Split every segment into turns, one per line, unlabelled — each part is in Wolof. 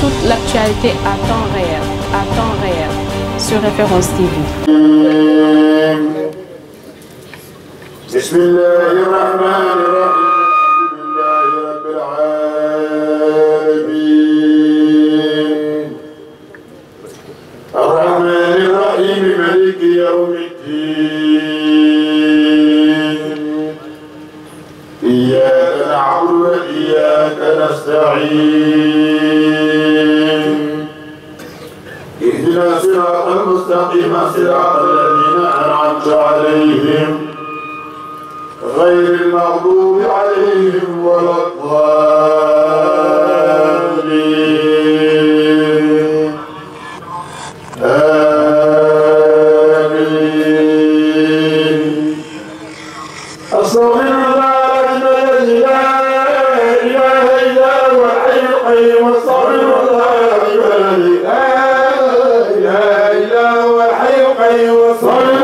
toute, l'actualité à temps réel, à temps réel,
sur Référence TV. اهدنا صراط المستقيم صراط الذين أنعمت عليهم غير المغضوب عليهم ولا الضالين الله هو
الحي القيوم الصمد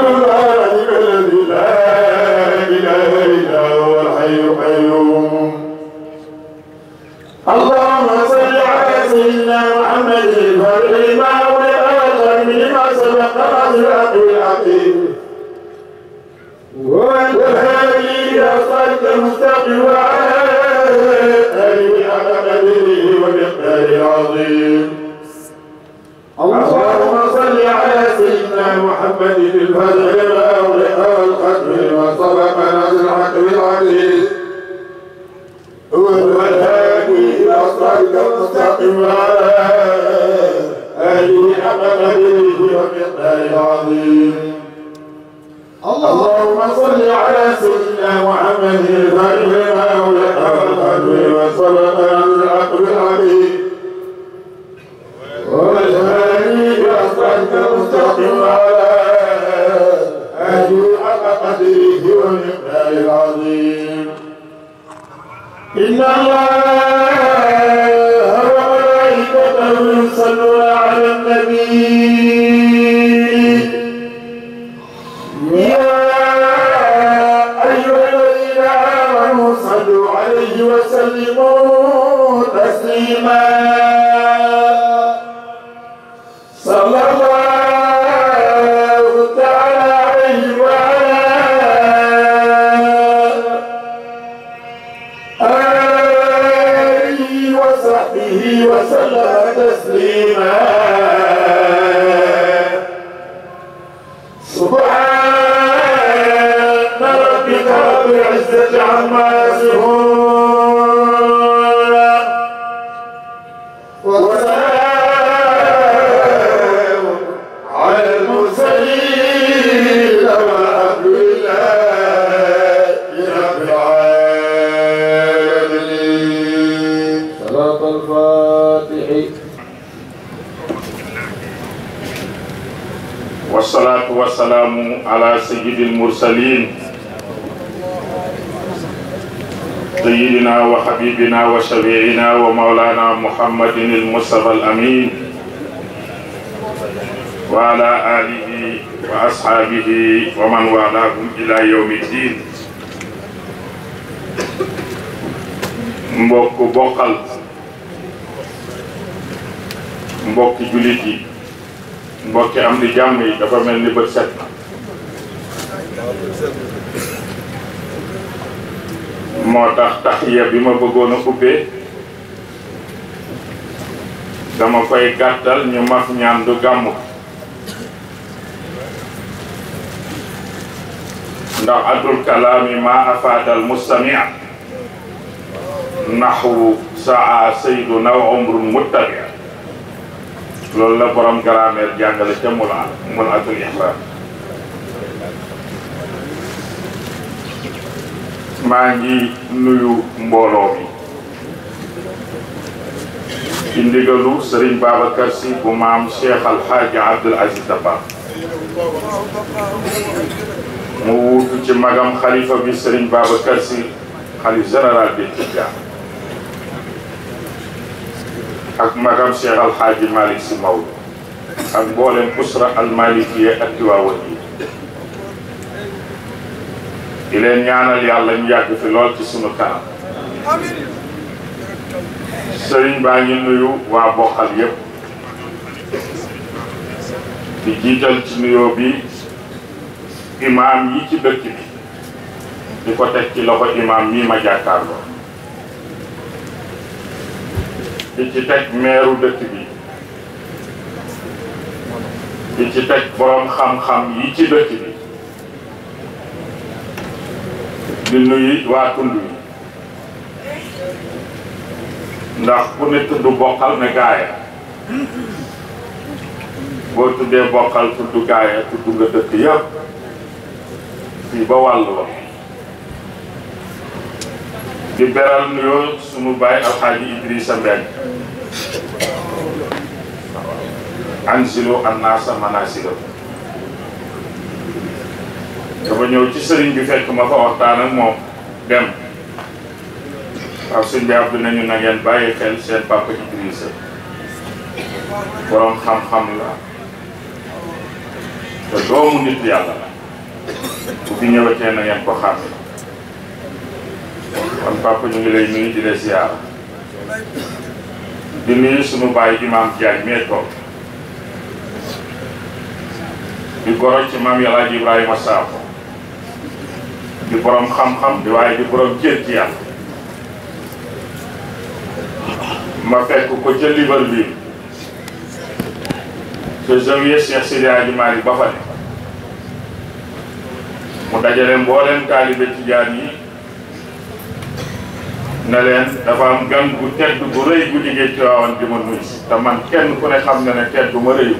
المقدار العظيم إن الله وملائكته يصلون على النبي
والسلام على سيد المرسلين سيدنا وحبيبنا وشفيعنا ومولانا محمد المصطفى الأمين وعلى آله وأصحابه ومن والاهم إلى يوم الدين مبوك bokkal مبوك جوليتي mbokki am di jàmm yi dafa mel ni bët set na moo tax taxiya bi ma bëggoon a ubbee dama koy gàttal ñu maf ñaan du gàmmu ndax addul kalaami ma afaadal mustamia nahwu saa saydu naw umrun muttabi loolu la borom grammaire jàngale ca mula mulatul ihsan maa ngi nuyu mbooloo mi ci ndigalu sëriñ Babacar si bu maam Cheikh Alxaaji Abdul Aziz Dabba mu wuutu ci magam xalifa bi sëriñ Babacar si xalif général bi Tijaan ak magam Cheikh Al Hadji Malick Sy Maodo ak mboolem usra al malikiya ak Tiwaawan yi di leen ñaanal yàlla ñu yàgg fi lool ci sunu kanam sëriñ baa ngi nuyu waa bokkal yépp di jiital ci nuyoo bi imaam yi ci dëkk bi di ko teg ci loxo imaam mii ma jàkkaarloo di ci teg dëkk bi di ci teg boroom xam-xam yi ci dëkk bi di nuyu waa tund yi ndax ku ne tudd ne gaaya boo tuddee bokkal tudd gaaya tudd nga dëkk yëpp fii ba wàllu di beral nuyo sunu bay al alxaaji Idrissa Mbeng anzilu annaasa manaasira dafa ñew ci serigne bi fekk ma fa waxtaan ak mom dem parce que ñu nañu na ngeen baye xel seen papa Idrissa borom xam-xam la te doomu nit yalla la bu fi ñëwatee na ngeen ko xam kon papa ñu ngi lay nuyu di la ziar di nuyu sunu baay di maam Diagne mee toog di goro ci maam yàlla ji Ibrahima Sakho di borom xam-xam di waaye di borom cër ci yàlla ma fekk ko ca Libreville te zawiya Cheikh Sidi Hadji Malick ba fa ne mu dajale mbooleem taalibe tijaan yi nalen dafa am gam bu tedd bu reuy bu liggéey Tiwaawan bi ma nuyu ta man kenn ku ne xam na ne tedd ma reuy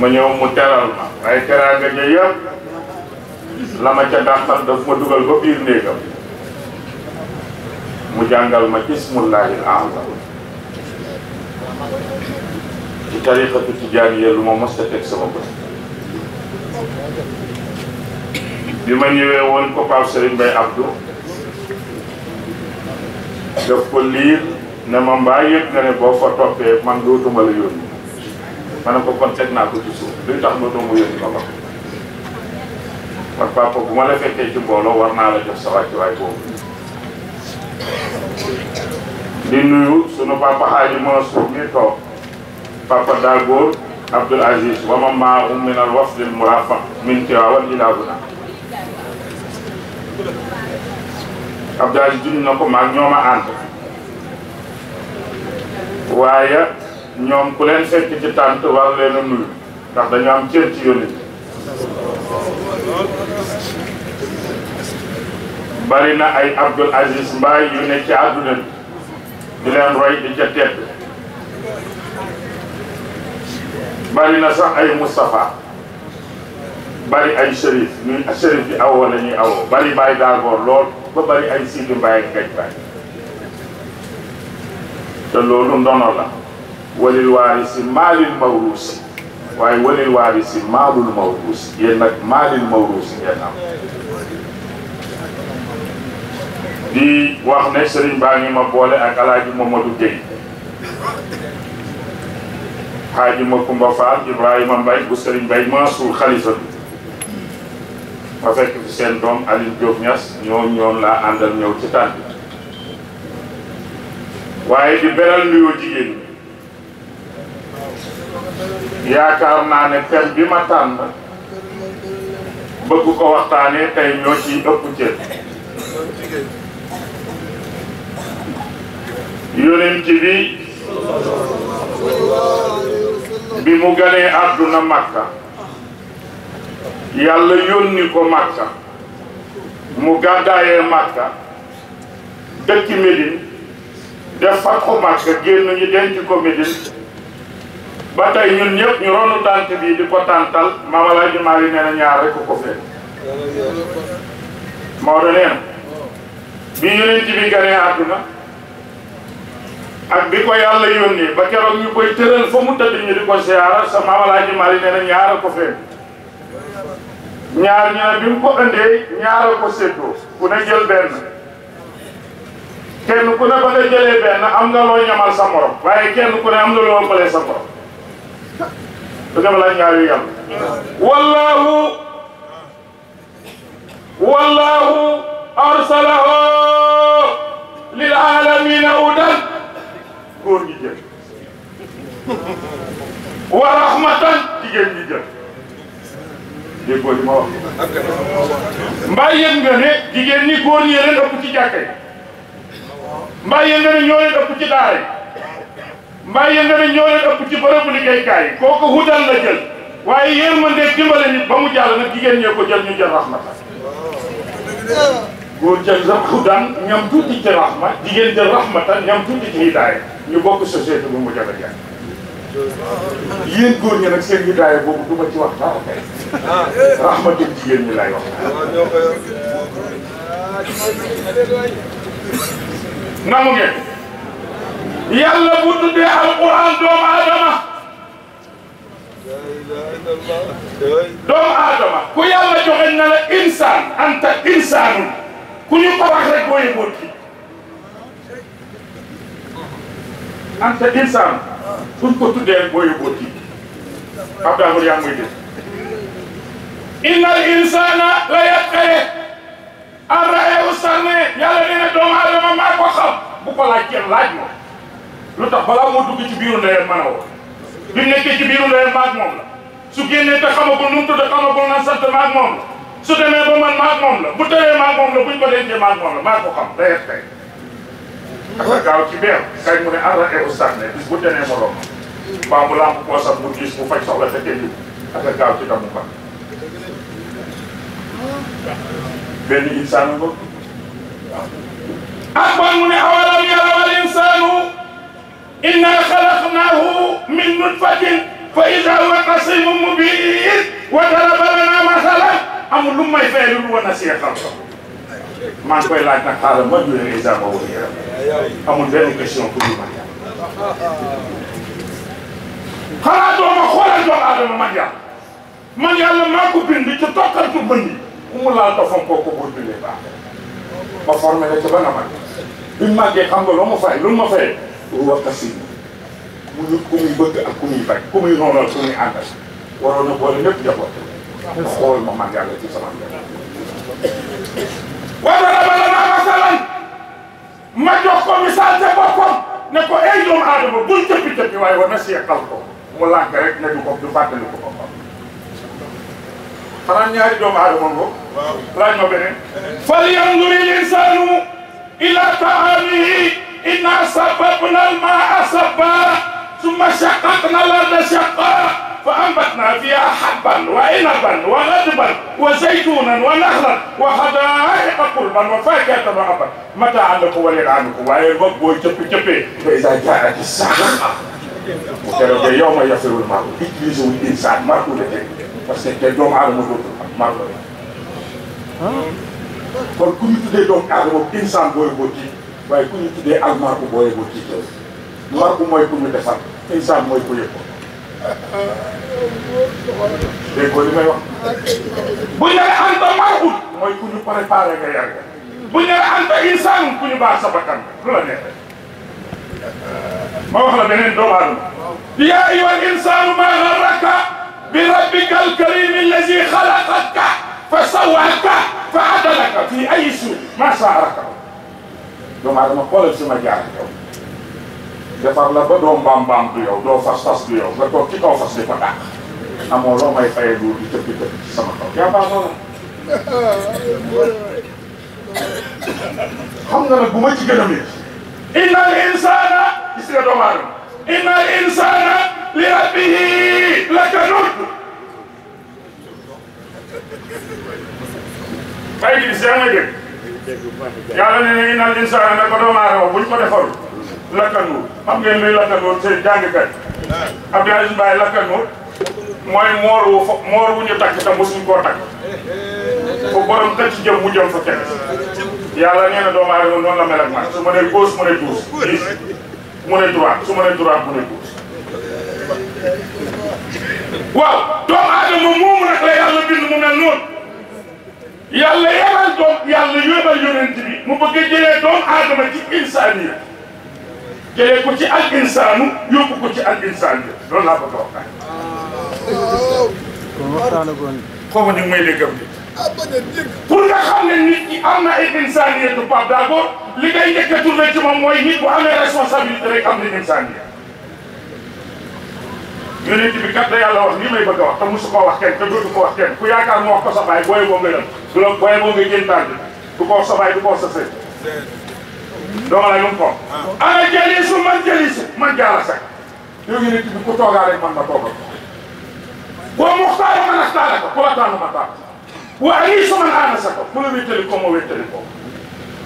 ma ñew mu teral ma way teranga ja yëpp lama ca daxal daf ma dugal ba biir neegam mu jangal ma bismillahi ismullahi al-a'zam ci tariqatu tijaaniya lu ma mos a teg sama bët bi ma ñëwee woon ko Pape Serigne bay Abdou daf ko ne ma mbaa yëg nga ne boo ko toppee man dootuma la yónni ma ne ko kon teg naa suuf luy tax dootuma yónni ma ba man papa bu ma la fekkee ci mbooloo war naa la jox sa wàccuwaay boobu di nuyu sunu papa Hadji Mansour mi toog papa Dagor Abdoul Aziz wa ma maa um min al wasl al murafaq min Tiwaawan ilaa huna Abdoulaye junj na ko maag ñoom a ànd waaye ñoom ku leen fekk ci tànt war leen a nuyu ndax dañu am cër ci bari na ay Abdoul Aziz Mbaye yu ne ci àdduna bi di roy di ca bari na sax ay Moustapha bari ay Chérif ñuy Chérif bi awoo la ñuy awoo bari bàyyi daal boor lool ba bari ay Sidi Mbaye ak Gaj Mbaye te loolu ndono la walil waarisi ma mawruusi waaye walil waarisi maalul mawruusi yéen nag maalil mawruusi ngeen am di wax ne sëriñ baa ngi ma boole ak alaaji Mamadou Gueye xaaji ma Kumba Fall Ibrahima Mbaye bu sëriñ Mbaye Mansour xalifa bi ma fekk fi seen doom Aliou Diop Niass ñoo ñoon la andal ñew ci tan waye di beral nuyo jigen ñi yaakaar naa ne thème bi ma tan bëgg ko waxtane tay ñoo ci ëpp yoonen ci bi bi mu gane aduna Makka yàlla yónni ko Màkka mu gàddaayee Màkka dëkki Médine def fakku Màkka génn ñu denc ko Médine ba tey ñun ñëpp ñu ronu tànt bi di ko tàntal mamalaa ji maa yi nee na ñaar rek ko fekk Maodo nee na bi yonent bi ganee àdduna ak bi ko yàlla yónni ba keroog ñu koy tëral fa mu tëdd ñu di ko siyaara sa mamalaa ji maa yi nee na ko fekk
ñaar ñaar bi mu ko andee ñaaral ko
séddoo ku ne jël benn kenn ku ne ba nga benn am nga loo ñamal sa morom waaye kenn ku ne am nga loo ëppalee sa morom du dem la ñaar yu yam wallaahu wallaahu arsalahu lil alamina udan góor ñi jël wa rahmatan jigéen déggoo li ma wax. mbaa yëg nga ne jigéen ñi góor ñi leen ëpp ci jàkka yi mbaa yëg nga ne ñoo leen ëpp ci daara mbaa yëg nga ne ëpp ci bërëbu liggéeykaay yi kooku wutal la jël waaye yërmande dimbale nit ba mu jàll nag jigéen ñee ko jël ñu jël raxma góor jël sax xudan ñam tuuti ci raxma jigéen ñam tuuti ci hidaaya ñu bokk société bu mu jot a yéen góor ñi nag seen widaaya boobu du ma ci wax dara kay rahmatul jigéen ñi lay wax. namu ngeen. yàlla bu tuddee alquran doomu aadama. doomu aadama ku yàlla joxe na la insaan anta ku ñu ko wax rek boo yëgoon kuñ ko tuddee rek boo yóbboo ci Abdoulaye Mouride yaa ngi muy dégg. innal insana la yatqee arraewu sànne yàlla nee na doomu aadama maa ko xam bu ko laaj kenn laaj moom. lu tax balaa moo dugg ci biiru ndeyam mën a woo bi nekkee ci biiru ndeyam maag moom la su génnee te xamagul nu mu tudd xamagul nan sant maag moom la su demee ba man maag moom la bu tëree maag moom la buñ ko dencee maag moom la maa ko xam day yàq tey. dafa gaaw ci benn kay mu ne àll ak ewu bis bu denee moroom mbaa mu làmp poosam mu gis mu faj soxla te tëju dafa gaaw ci damu ba benn insaan ko
أخبر من أولم يرى الإنسان
إنا خلقناه من نطفة فإذا هو قصيم مبين وضرب لنا مثلا amul lu may man koy laaj ma jure exemple wu yaram amul benn question pour ñu Mandiang man yàlla maa ko bind ci tokkal ko bëndi ku mu laal dofam kooku ma formé la ca ba nga mag bi mu màggee xam nga loo ma fay lu ma fay waxta si mu nit ku muy bëgg ak ku muy bañ ku muy noonal ku muy àndal waroon na ma man yàlla ci sama mbir waaye ma jox ko misaal ca boppam ne ko ay doomu aadama bul jëppi jëppi waaye war na seetal ko mu lànk rek ne du ko du fàttali ko boppam. xanaa ñaari doomu aadama moom laaj ma beneen. fal yanzuril insaanu ilaa ta'aamihi innaa sabbabnal maa'a sabban summa shaqqaqnal arda فأنبتنا فيها حبا وعنبا وغدبا وزيتونا ونخلا وحدائق قربا وفاكهة وأبا متاعا لكم وللعنكم ويبقوا ويجبي جبي فإذا جاءت الساعة وكان يوم يفر المرء إبليس والإنسان ما كل شيء بس اليوم على مدود المرء kon ku ñu tuddee doomu aadama insaan booy boo tiit waaye ku ñu tuddee almarku booy boo tiitee marku mooy ku ñu defar insaan mooy ku yëg ko déggoo li may wax
buñ ne la
anta marhum mooy
ku ñu préparé nga yàgg buñ ne la anta insaan ku ñu baax sa bakkan lu la neex ma wax la beneen doomu aadama yaa ayyuhal insaanu maa garraka bi rabbikal kariim allazi xalaqaka fa sawwaaka fa adalaka fi ay suuf maa saa raka doomu aadama xoolal sama jaar yow defar la ba doo mbaam mbaam du yow doo fas fas du yow nga toog ci kaw fas di ko dàq amoo loo may fayee lu di ci sama kaw yaa a miir li rabbihi lakanud bay gis yaa nga dégg lakkanur xam ngeen luy lakkanur c'est jàngkat Abdou Aziz Mbaye lakkanur mooy moor wu fo moor wu ñu takk te mosuñ koo takk fu borom tëj ci jëm mu jëm fa kenn yàlla nee na doomu aadama noonu la mel ak man su ma nee gauche mu ne douze dix mu ne droite su ma nee droite mu ne douze waaw doomu aadama moomu nag la yàlla bind mu mel noonu yàlla yebal doom yàlla yóbal yonent bi mu bëgg a jëlee doomu aadama ci insaaniya jëlee ko ci al insaanu yóbbu ko ci al insaan bi loolu laa bëgg a wax. kon waxtaanagoon. xaw ni mooy léegam bi.
pour nga xam ne nit
ñi am na ay insaaniyatu Pape Dabo li ngay njëkk a tourné ci moom mooy nit bu amee responsabilité rek am na insaaniya. yonent bi kat da yàlla wax lii may bëgg a wax te mosu koo wax kenn te dootu ko wax kenn ku yaakaar mu wax ko sa baay booy boo nga dem. du la booy boo nga jëntaan bi du ko wax sa baay du ko wax sa sëñ. doxala yu mu ko ah. ana jalisu man jalisu man jaalasa yow yéen bi ku toogaa rek man ma toogal boo muxtaara man axtaara ko boo taanu ma taal wa aniisu man aanasa ko ku la wéttali ko ma wéttali ko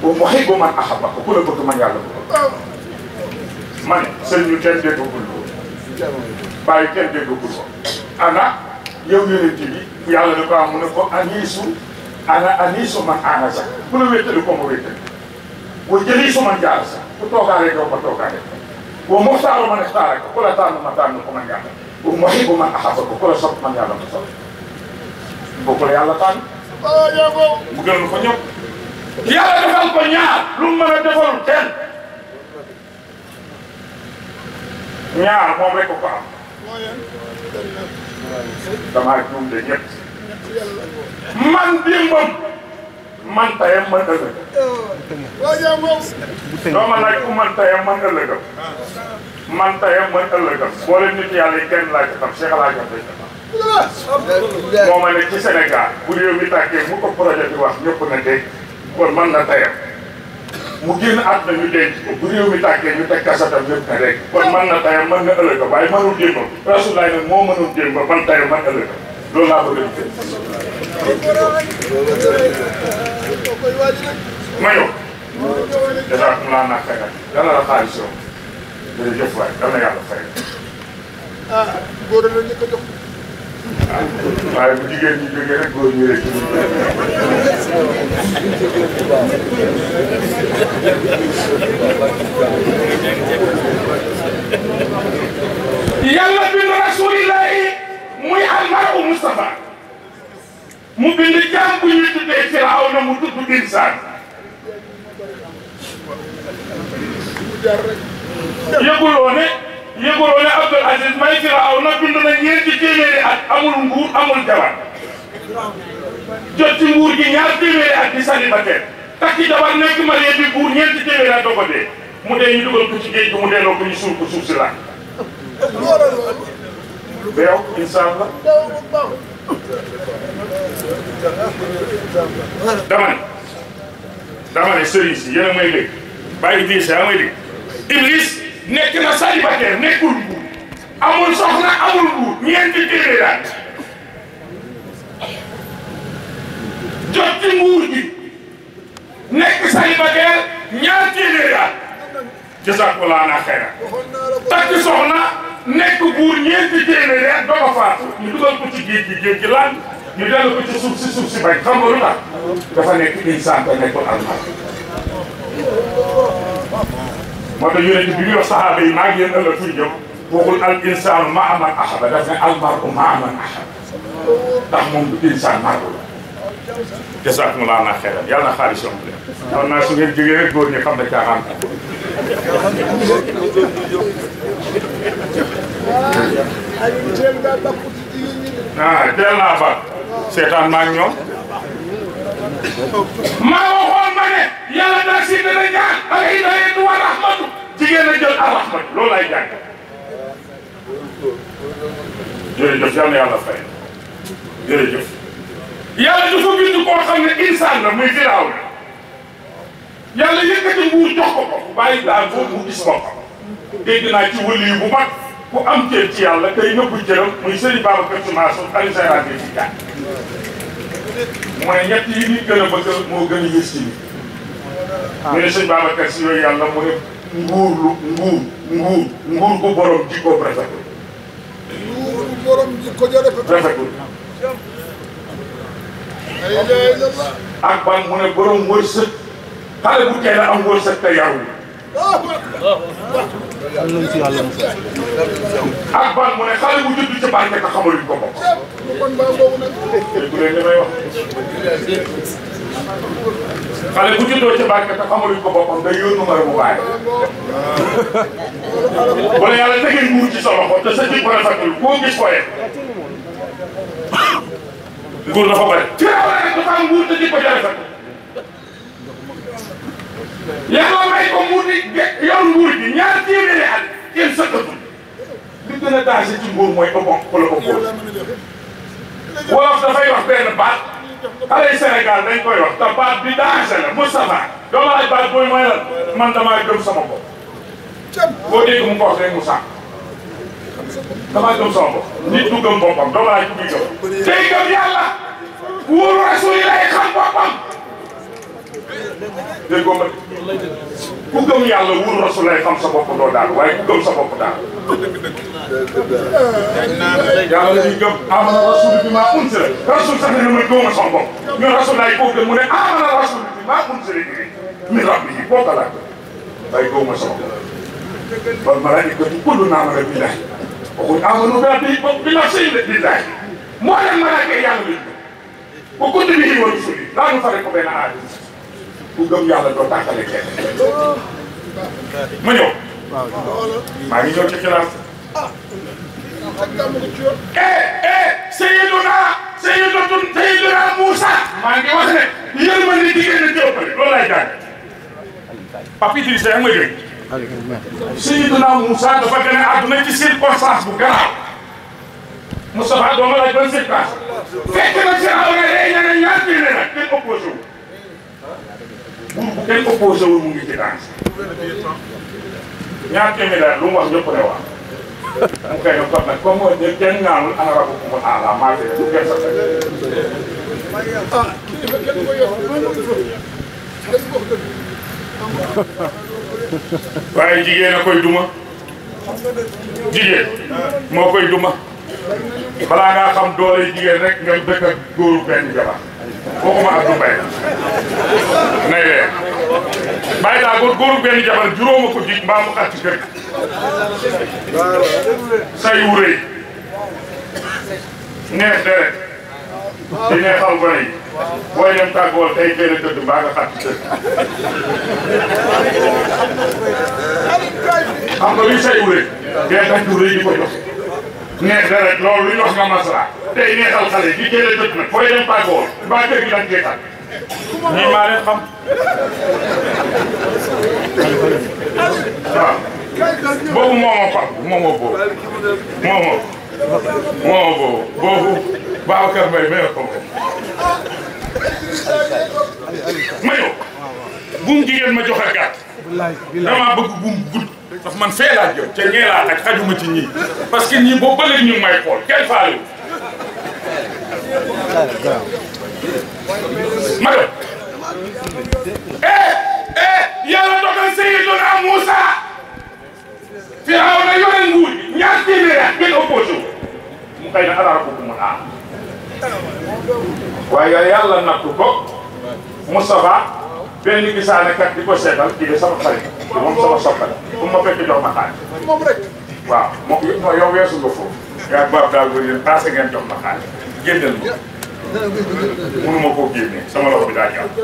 wa muhibbu man ahabba ko ku la bëgg man yàlla
bëgg
ma ne sëñ ñu kenn déggagul loolu bàyyi kenn déggagul ko ana yow yonent bi yàlla da ko am mu ne ko aniisu ana aniisu man aanasa ku la wéttali ko ma wéttali wo jeli suma jaasa ko toogaale Umuhtaru ko toogaale wo muhtaaru man ihtaara ko kula taanu ma taanu ko man yalla wo muhibu man ahaba ko kula sopp man yalla ko sopp ko kula yalla taan mu gënal ko ñëpp yalla defal ko ten ñaar moom rek ko am dama man dimbam man tayam man ëllëgam. doo ma laaj ku man tayam man ëllëgam. man tayam man ëllëgam. boole nit yàlla yi kenn laa ci xam Cheikh Alaaji Abdoulaye.
moo ma ne ci Sénégal
bu réew mi tàkkee mu ko projet bi wax ñëpp na dégg kon man na tayam. mu génn àdduna ñu denc ko bu réew mi tàkkee ñu teg kasatam ñëpp na dégg. kon man na tayam man na ëllëgam waaye mënul démb. Rasulaay nag moo mënul démb man tayam man ëllëgam loolu laa bëgg a ma yow. dèjà mu naan naa fay nag yàlla la xaalis yow. jërëjëf waay dal na yàlla fay.
ah góor la ñu ko jox. Ah, mu bind jaam bu ñuy tuddee
Firawna mu tudd insaan yëguloo ne yëguloo ne Abdul Aziz may Firawna dund na ñeenti téeméeri at amul nguur amul jabar jot ci nguur gi ñaar téeméeri at di célibataire takki jabar nekk marié bi buur ñeenti téeméeri at doo ko mu dee ñu dugal ko ci géej gi mu delloo ko ñu suul ko suuf si laaj. beew insaan la.
dama
ne
dama ne sëriñ si yéen a may dégg bàyyi biir sa may dégg Iblis nekk na célibataire nekkul buur amul soxna amul buur ñeenti téere daal jot ci nguur gi nekk célibataire ñaar téere daal jazakallah naa xayra takk soxna nekk buur ñeenti téere daal doo ko faatu ñu dugal ko ci géej gi géej gi lan ñu dellu ko ci suuf si suuf si bañ xam nga lu tax dafa nekk insaan te nekkul almal moo tax yonent bi muy wax saxaaba yi maa ngi yéen ëllëg fuy jëm waxul al insaanu maa man ahaba daf ne al mar'u maa man ahaba ndax moom du insaan mar'u la jazaakumullaahu xayran yàlla na xaalis yomb leen xam naa su ngeen jógee rek góor ñi xam ne caaxaan ah teel naa seetaan maa ngi ñoom maa waxoon ma ne yàlla daa si dana ñaan ak hidayatu wa rahmatu jigéen a jël arrahmatu loolu lay jàng jërëjëf yal yàlla fay jërëjëf yàlla koo xam ne insaan la muy firaaw na yàlla
yëkkati nguur jox
bàyyi daal foofu mu gis boppam dégg naa ci wëli bu mag ku am cër ci yàlla day nëbbu cëram muy sëriñ Babacar Sy Mansour xalifa général des Tidianes mu ne ñett yi nit gën a bëgg moo gën a yées ci nit mu ah. ne sëriñ Babacar Sy yooyu yàlla mu ne nguur lu nguur nguur nguur gu borom jikko rafetul nguur gu borom jikko rafetul ak ban mu ne borom wërsëg xale bu teel a am wërsëg te yarul ak
ban mu ne xale bu judd ci
bànqee ko xamaluñ ko bopp. dégg leen li may wax. xale bu juddoo ci bànqee ko xamaluñ ko boppam day yor numéro bu bàyyi. bu la yàlla tegee nguur ci sa loxo te sa jikko rafetul koo gis ko yee. nguur dafa bëri. ci la
wala rek dafa am nguur te
jikko ja rafetul.
yàlla may ko
mu ni yor nguur gi ñaar téeméeri at kenn sëkkatul li gën a danger ci nguur mooy ëpp ko la ko góor wolof dafay wax benn baat xale yi Sénégal dañ koy wax te baat bi danger la Moustapha doo ma laaj baat booy mooy lan man damaa gëm sama
bopp
boo dégg mu ko wax rek mu sànq damaa gëm sama bopp nit du gëm boppam doo ma laaj ku muy gëm day gëm yàlla wóoru rasul yi lay xam boppam dégg nga ku gëm yàlla wul rasul lay xam sa bopp doo daal waaye ku gëm sa bopp daal. yàlla dañuy gëm amana rasul bi maa unsila rasul sax ne man gëmuma sama bopp ñun rasul laay kooku de mu ne amana rasul bi maa unsila mi rabbi yi boo ko laaj waaye gëmuma sama bopp. wal malaa'ikatu kullun aamana billaahi waxuñ amanu bi rabbi bi nafsi billaahi moo leen malaaka yàlla bi ko continué yi war a sori daanu fare ko benn aadama o ku gëm yàlla doo tàqale kenn ma
ñëw o ngi ñëw ci xilaas eh eh Seydina Seydina Seydina Moussa maa o wax ne yéen ma ne jigéen ñi
jëppale loolu laay jàng papi di sey ma dégg Seydina Moussa dafa gën a àdduna ci circonstance bu garaaw o doo ma laaj ban circonstance fekk na ci aw na rey ñeneen ñaar fii ne nag kenn o wu bu kenn opposé wu mu ngi ci danger. ñaar téeméer daal lu mu wax ñëpp ne waaw. mu koy def kon nag comme mooy ñoom kenn ñaanul ana rabu ku mu ah la maa ngi leen kenn sax rek. waaye jigéen a koy duma. jigéen moo koy duma. balaa ngaa xam doole jigéen rek nga dëkk ak góoru benn jabar. waxuma Abdou Mbaye nay lee bàyyi daa góor góoru benn jabar juróoma ko jig mbaa mu xat kër say neex deret di neexal gone yi booy dem tàggool tey kenn tëdd mbaa nga xat ci
kër xam nga
luy say wu rëy di ko jox neex na rek loolu lu ñu wax nga masra tey neexal xale yi di jëlee bët nag fooy dem bàggoo mbaa kër gi dañ koy tànn. nii maa leen xam. waaw boobu moomoo Pape moomoo boobu moomoo moomoo boobu boobu Babacar Mbaye mayor ma joxe gàtt. ndax man fee laa jëm te ñii parce que ñii boobu ba léegi ñu kenn faale ma dem eh eh yàlla dogal Seydina Moussa Firawna yore nguur ñaar téeméer ak benn opposition mu kay na arabu benn gisaane kat di ko seetal kii de sama xarit moom sama soppa la bu ma fekk jox ma
xaalis.
waaw moom yow weesu nga foofu. yaa daa bëri yéen passé ngeen jox ma xaalis génneel ma. mënu ma koo génne sama loxo bi daa jàpp.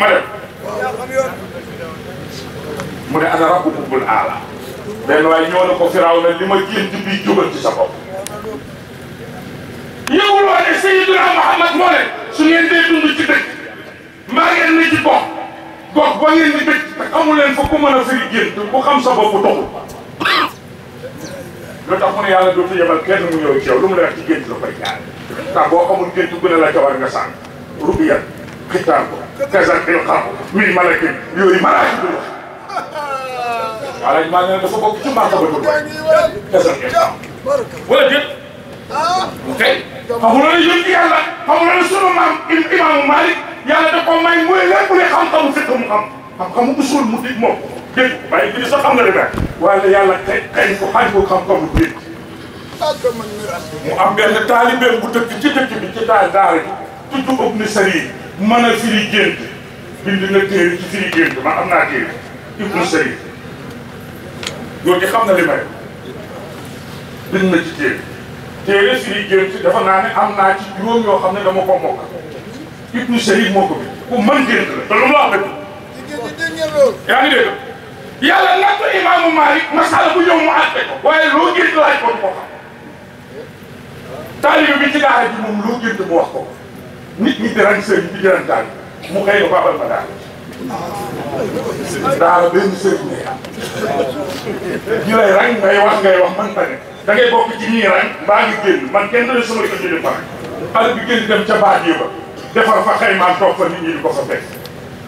ma dem. mu ne ana rabbu bubbul aala. waaye ñëw na ko firaaw na li ma génn ci biir jógal sa bopp.
yow loo ne Seydina Muhammad moo ne su ngeen dee dund maa ngeen
ni ci gox gox ba ngeen ni dëkk te amu leen fa ku a mu ne yàlla dootu yebal kenn mu ñëw ci yow lu mu la wax ci gént a la jawar nga yooyu maraaj bi wax wala maa ngi ne dafa bokk ci marka ba tur ok xamuloo ne yëngu yàlla xamuloo ne sunu maam imaamu yàlla da ko may mooy lépp li xam-xamu fekk mu xam xam-xamu usul mu dig moom dégg bàyyi bi sax xam nga li kay kay ko xaaj ko xam-xamu
dégg
mu am benn taalibeem bu dëkk ci bi ci daal daara ji ni sari mën a firi gént bind na téere ci firi am naa téere ibnu sari loolu di xam na li may bind na ci téere téere firi gént dafa naa ne am naa ci juróom yoo xam ne dama ko mokk ibnu sahib moo ko bi ku mën gént la te lu mu wax dëgg yaa ngi dégg yàlla nattu imaamu Malik masala bu ñëw mu àtte ko waaye loo gént laaj ko du ko xam taalibe bi ci daara ji moom loo gént mu wax ko nit ñi di rang sëriñ bi di rang daal mu xëy ko abal ma daal daara benn sëriñ ngay lay rang ngay wax ngay wax man tane da ngay ci rang ngi man kenn sama ko bi dem ca ba defar fa xaymaan toog fa nit ñi di ko fa fekk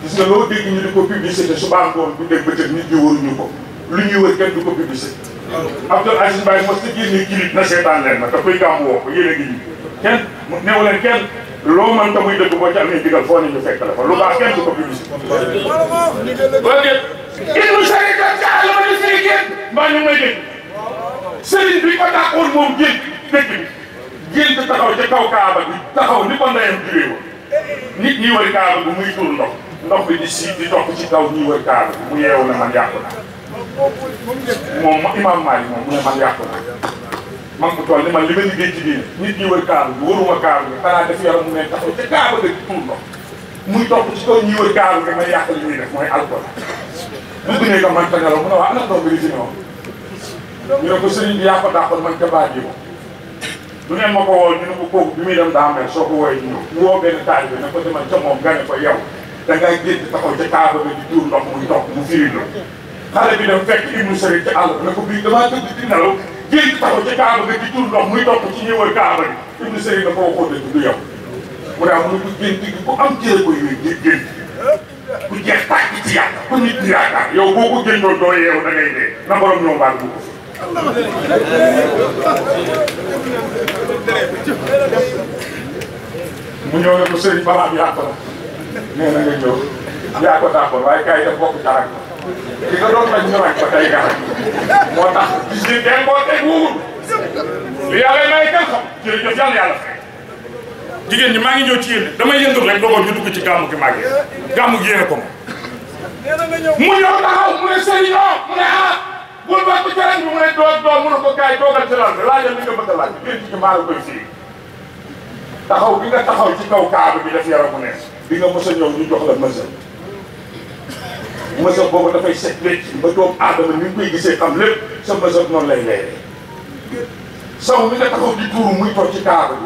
gis nga loo dégg ñu di ko publicité subaa ngoon bu dégg bëccëg nit ñi waruñu ko lu ñuy wër kenn du ko publicité Abdoul Aziz Mbaye mos na génne kilib na seetaan leen ma te kuy gàmm woo ko yéen a ngi ñu kenn neew leen kenn loo mën mu muy dëgg boo ci amee digal foo ne ñu fekk la fa lu baax kenn du ko
publicité boo dee ibnu sarika jaal ma ne sëriñ génn
mbaa ñu may dégg sëriñ bi ko dàqoon moom génn dëkk bi génn taxaw ca nit ñi wër kaaba bi muy tuur ndox ndox bi di si di dox ci kaw ñi wër kaaba bi mu yeewu ne man yàqu na moom imaam Maalik moom mu ne man yàqu na man ko toll ni man li ma liggéey ci diine nit ñi wër kaaba bi wëruma kaaba bi xanaa def yaram mu ne taxaw ca kaaba ga di tuur ndox muy topp ci kaw ñi wër kaaba bi man yàq li muy def mooy alcool dugg ne ko man tënkal mu ne waa ana doom bi li ci ñëw ñu ne ko sëriñ bi yaa ko dàqoon man ca baat yi ko lu ne ma ko woo ñu ne ko kooku bi muy dem daa mel soo ko wooyee ñu ñëw mu woo benn taaj bi ne ko demal ca moom gane ko yow da ngay génn taxaw ca kaaba bi di tuur ndox muy ndox mu firil la xale bi dem fekk ibnu sëriñ ci àll ba ne ko bii damaa tëdd di nelaw génn taxaw ca kaaba bi di tuur ndox muy topp ci ñi wër kaaba bi ibnu sëriñ dafa waxoo dëgg du yow mu daa mu ne ko génn gi ku am jëre ko yooyu di génn ku jeex tàkk ci yàlla ku nit ñi yaakaar yow boo ko génnoon doo yeewu da ngay dee na borom ñoom baal bu ko mu ñëw ne ko sëriñ Balaam yaa ko la
nee na
yaa ko d'accord waaye kaay def bokk tarak ki nga doon bañ ñu ràññ ko tey garak moo tax gis nga kenn koo teg wuur
li yàlla may kenn
xam jërëjëf yàlla yàlla fay jigéen ñi maa ngi ñëw ci yéen damay yëndu rek dogoon ñu dugg ci gàmmu gi màggee gàmmu gi yéen ko moom
mu ñëw taxaw mu ne sëriñ
o oh, mu bul baax ba ca mu ne doo doo mun a ko gars yi toogal ci lal bi laajal li nga bëgg a laaj biir ci maa la koy fii taxaw bi nga taxaw ci kaw kaaba bi daf yaramu ne bi nga mos a ñëw ñu jox la mësa mësa boobu dafay set wecc ba doomu aadama ni ñu koy gisee xam lépp sa mësa noonu lay leere saw mi nga taxaw di tuuru muy toog ci kaaba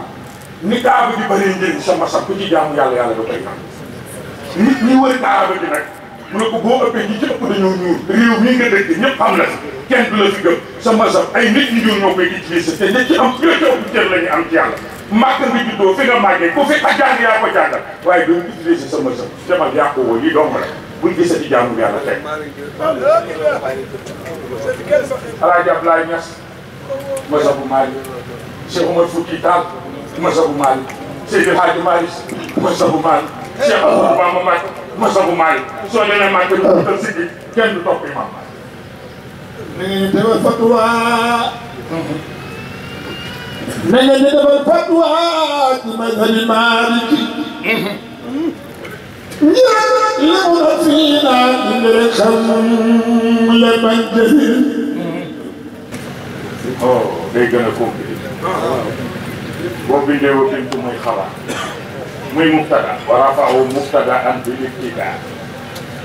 bi ni kaaba bi bëree njëriñ sa masam ku ci jaamu yàlla yàlla da koy naan nit ñi wër kaaba bi nag mu ne ko boo ëppee ñi ci ëpp dañoo ñuul réew mii nga dëkk ñëpp xam la si kenn du la fi gëm sa masaf ay nit ñu ñuul ñoo koy utiliser te ña ci am féete ëpp cër la ñu am ci yàlla màgg nga juddoo fi nga màggee ku fi ak jàng yaa ko jàngal waaye duñ utiliser sa masaf demal yaa ko woo yi dong la buñ gisee ci jaamu yàlla teg alaaji Ablaye Niass masabu Malick Cheikh Omar Fouti Tall masabu Malick Seydi Hadji Malick masabu Malick Cheikh Ahmadou Bamba Mbacké masagu
di
defal fatwa ci mazhabi Maliki. ñëpp li mu ne fii naa dindi rek xam man jëfin.
oh day gën a compliqué. boo
bindee woo kenn ku muy mubtada wa rafa'u mubtada'an bil ibtidaa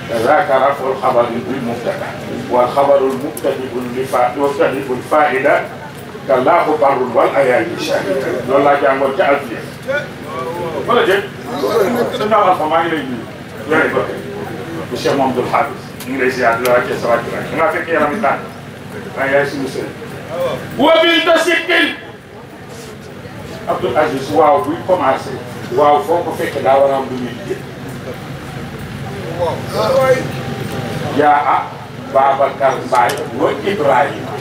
kazaaka raf'ul xabari bil mubtadaa wal xabarul mubtadibul li fa mubtadibul faa'ida kallaahu barrun wal ayaatu shaahida loolu laa jàngoon ca Alfiya. wala déet. sëñ Ba Alpha maa ngi lay nuyu. yore ba tey. monsieur Mamadou Habib. ñu ngi lay ziar di la wàccee sa wàccu waay da ngaa fekk yaram yi tànn waaye yaay suñu sëriñ. wa bil tasiqil. Abdoul Aziz waaw buy commencé. waaw foo ko fekk daa war a am lu muy liggéey yaa a ah, Babacar Mbaye wa Ibrahima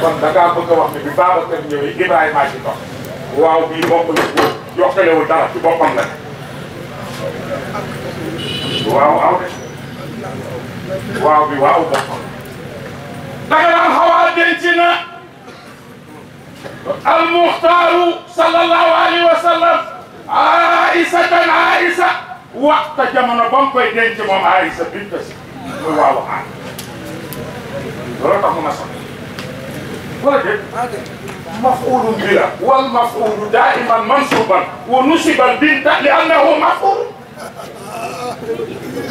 kon da ngaa bëgg a wax ne bi Babacar ñëwee Ibrahima ci tox waaw bii bokkul ko yokkalewul dara ci boppam la waaw aw de waaw bi waaw boppam daga daan xawaa denc na al muxtaaru sallallahu alayhi wa aïsatan aïsa waxta jamono ba mu koy denc moom aïsa bint si muy waaw waxaan loolu tax mu ma sax wala déet مفعول بلا والمفعول دائما منصوبا ونصب البنت لانه مفعول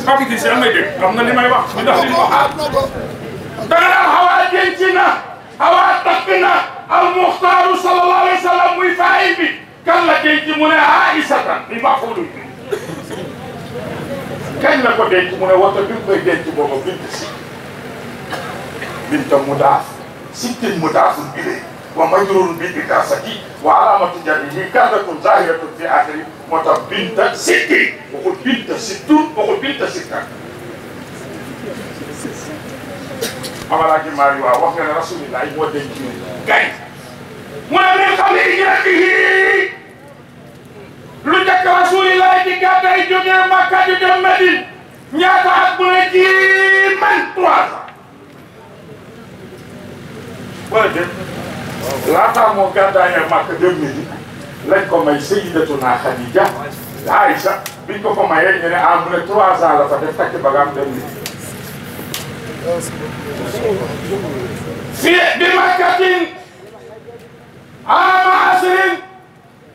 ما في تسال ما يدك رغم اللي ما يبقى من داخل المحال
دغنا الهواء
جنتنا هواء تقنا المختار صلى الله عليه وسلم وفاعل به kan la denc mu ne Aïssata bi maa ko luy kañ la ko denc mu wo waxta bi mu koy denc booba bint si binta mu daaf sittin mu daaful bilee wa majrurun bi ikaasati wa alaamatu jarihi
kardatun zahiratun fi axiri moo tax binta sitti waxul binta sittun waxul binta
sittan amalaaji maari waaw wax nga ne rasulillah moo denc
mu ne min xamiyatihi
lu njëkk rasulillahi di gàdday jógee Makka di dem Medine ñaata at mu ne ji man trois ans wala dé laataa moo gàddaayee Makka dem Medine lañ ko may sayyidatuna Khadija Aïcha biñ ko ko mayee ñu ne ah mu ne trois ans la fa def takk bagaam dem Medine fii bi makkatin
ama
asirin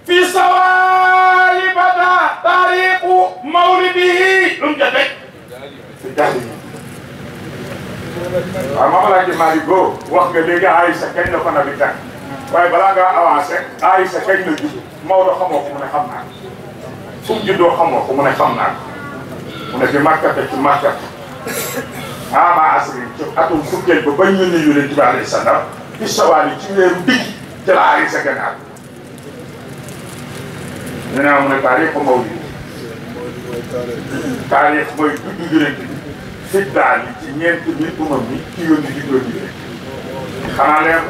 fi sawali bada tariqu mawlidihi ɗum ja tek so jahli waaw mamalaji Malick Go wax nga léegi Aïssa kañ la ko nabi tàkk waaye balaa ngaa avancé Aïssa kañ la judd Maodo xamoo ko mu ne xam naa ko fu mu juddoo xamoo ko mu ne xam naa ko mu ne fi màkkate ci màkkate ama asirin ci atum fukkeel ba bañ ñu nuyu leen ci alayhi salaam fi sawaali ci weeru digg jalaari sa gànnaar ñu ne mooy taarix ko mawlid taarix mooy tudd yonent bi si daal yi ci ñeenti nit bu mag bi ci yónni di doon yore
xanaa leer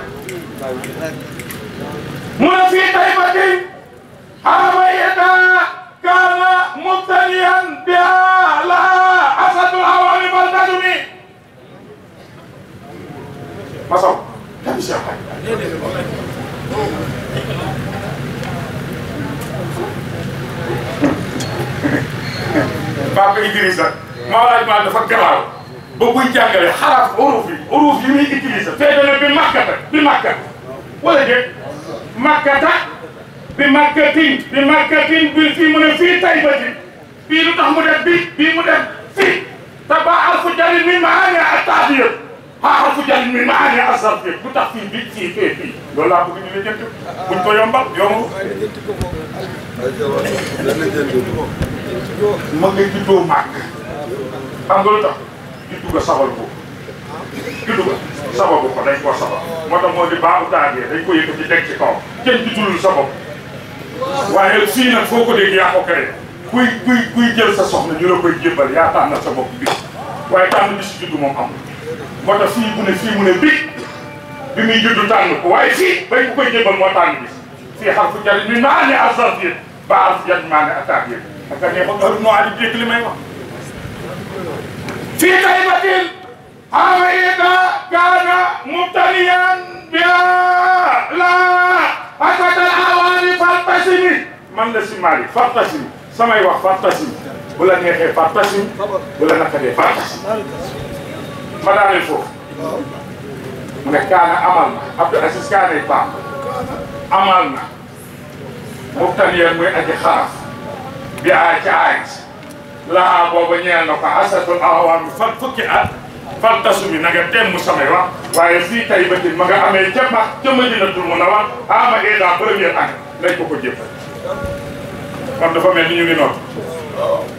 mu ne fii tey
ba tey xaraba yetaa
kaana mubtaliyan biha laha asadul awaami baldatu mi masaw Papa Idrissa Mawlaaj Maal dafa garaaw ba buy jàngale xalaat uruf yi uruf yi muy utilisé feeñale bi makkata bi makkata wala déet makkata bi makkatin bi makkatin bi fii mu ne fii taybati fii lu tax mu def bi bii mu def fii te ba alfu jari min maani attaahiya xaaral fu jël mi maa ngi asal fii bu tax fii bi fii fee fii loolu laa bëgg ñu la jënd buñ ko yombal yomb. ma nga juddoo màgg xam nga lu tax juddu nga sabal ko juddu nga sababu ko dañ koo sabal moo tax moo di baaxu daagee dañ ko yëkkati teg ci kaw kenn juddulul sabab waaye fii nag foo ko dégg yaa ko créé kuy kuy kuy jël sa soxna ñu la koy jébbal yaa tànn sa bopp bi waaye tànn bi si juddu moom amul. Mata si bu ne si mu ne bi bi mi jiddu tan ko way si bay ko koy mo tan bi bis fii fu jari ñu naa ne asaf yéen ba araf jari ne attaque yéen aka nee ko ar no ali dégg li may wax
fii tay batil awayda gaana mubtaliyan biha la akatal awani fartasimi
man la si maari fartasimi samay wax fartasimi bu la neexee fartasimi bu la naqadee
fartasimi
ma daaneel foofu mu ne Kaana amal na Abdou Aziz Kaane Ba amal na muftaniyan muy aji xaraf bi aay ca aay lahaa booba ñeel na ko asatul awaam fan fukki tasu bi na nga mu samay wax waaye fii tay ba ma nga amee ca max ca Madinatul Munawwara ama eda première année lañ ko ko jëppal kon dafa mel ni ñu ngi noonu